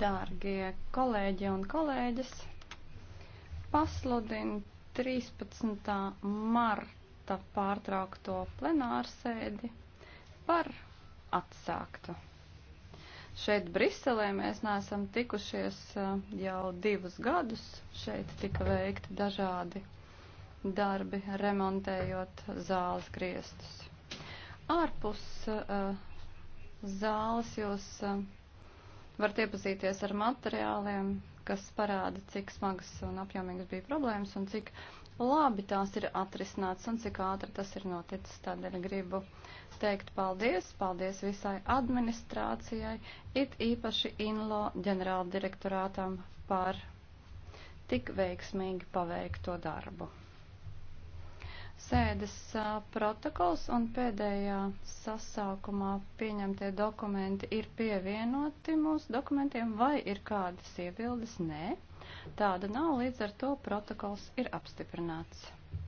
Dārgie kolēģi un kolēģis, pasludinu 13. marta pārtraukto plenārsēdi par atsāktu. Šeit Briselē mēs neesam tikušies eh, jau divus gadus. Šeit tika veikti dažādi darbi, remontējot zāles griestus. Ārpus uh, zāles jūs. Uh, Varat iepazīties ar materiāliem, kas parāda, cik smagas un apjomīgas bija problēmas un cik labi tās ir atrisināts un cik ātri tas ir noticis. Tādēļ gribu teikt paldies, paldies visai administrācijai, it īpaši INLO ģenerāldirektorātam par tik veiksmīgi paveikto darbu sēdes protokols un pēdējā sasaukumā pieņemtie dokumenti ir pievienoti mūsu dokumentiem vai ir kādas iebildes? Nē, tāda nav, līdz ar to protokols ir apstiprināts.